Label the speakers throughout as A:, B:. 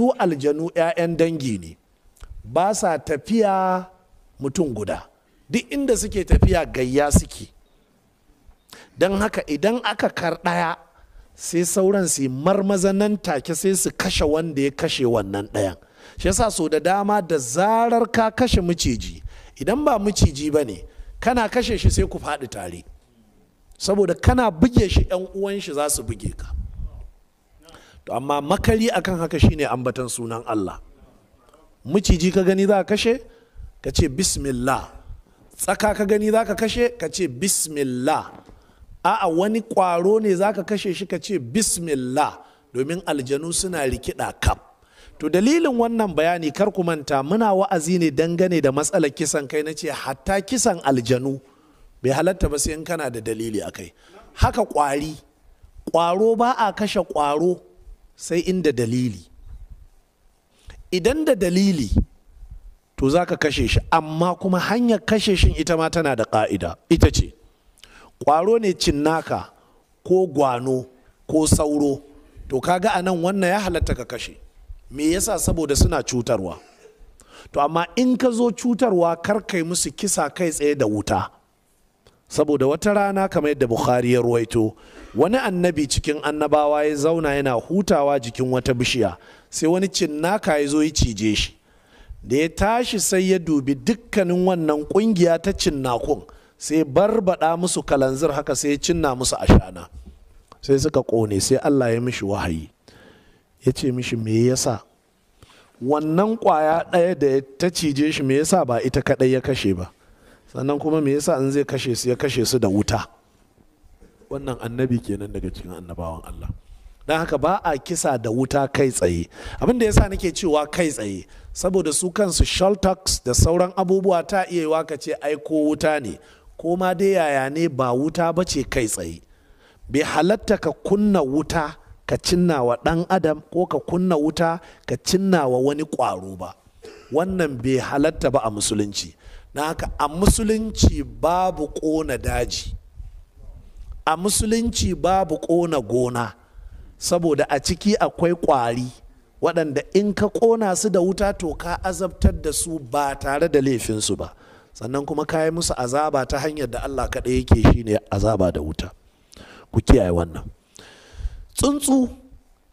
A: su aljanu 'ya'yan dangi ne ba sa tafiya mutum guda duk inda suke tafiya gayya suke don haka idan aka kar ɗaya sai sauran su marmaza nan take sai su kashe wanda ya kashe wannan ɗayan shi yasa so da dama da zarar ka kashe miciji idan ba miciji ba ne kana kashe shi sai ku faɗi tare saboda kana buge shi 'yan uwan shi za su buge ka to amma makari akan haka shine ambatan sunan Allah miciji ka gani za ka kashe ka ce bismillah tsaka ka gani za ka kashe ka ce bismillah a'a wani kwaro ne za ka kashe shi ka ce bismillah domin aljanu suna rikida kaf to dalilin wannan bayani kar ku manta muna wa'azi ne dangane da matsalar kisan kai na ce hatta kisan aljanu bai halatta ba sai in kana da dalili akai haka kwari kwaro ba a kashe kwaro sai inda dalili idan da dalili to za ka kashe shi amma kuma hanyar kashe shin ita ma tana da ƙa'ida ita ce ƙwaro ne cinnaka ko gwano ko sauro to kaga anan wannan ya halatta ka kashe me yasa saboda suna cutarwa to amma in ka zo cutarwa kar kai musu kisa kai tsaye da wuta saboda wata rana kamar yadda bukhari ya ruwaito wani annabi cikin annabawa ya zauna yana hutawa jikin wata bishiya sai wani cinnaka ya zo ya cije shi da ya tashi sai ya dubi dukkanin wannan kungiya ta cinnakun sai barbada musu kalanzir haka sai ya cinna musu ashana sai suka kone sai allah ya mishi wahayi ya ce mishi me yasa wannan kwaya ɗaya da ta cije shi me yasa ba ita kaɗai ya kashe ba sannan kuma me yasa in zai kashe su ya kashe su da wuta wannan annabi kenan daga cikin annabawan Allah don haka ba a kisa da wuta kai tsaye abin da yasa nake cewa kai tsaye saboda su kansu shaltax da sauran abubuwa ta iya yiwa ka ce aiko wuta ne ko ma dai yaya ne ba wuta ba ce kai tsaye bai halatta ka kunna wuta ka cinna wa ɗan adam ko ka kunna wuta ka cinna wa wani ƙwaro ba wannan bai halatta ba a musulunci na haka a musulunci babu ƙona daji a musulunci babu ƙona gona saboda a ciki akwai ƙwari waɗanda in ka ƙona su da wuta to ka azabtar da su ba tare da laifinsu ba sannan kuma ka yi musu azaba ta hanyar da allah kaɗai yake shine azaba da wuta ku kiyaye wannan tsuntsu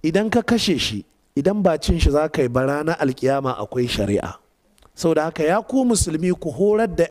A: idan ka kashe shi idan ba cin shi za ka yi ba ranar alkiyama akwai shari'a sau da haka ya ku musulmi ku horar da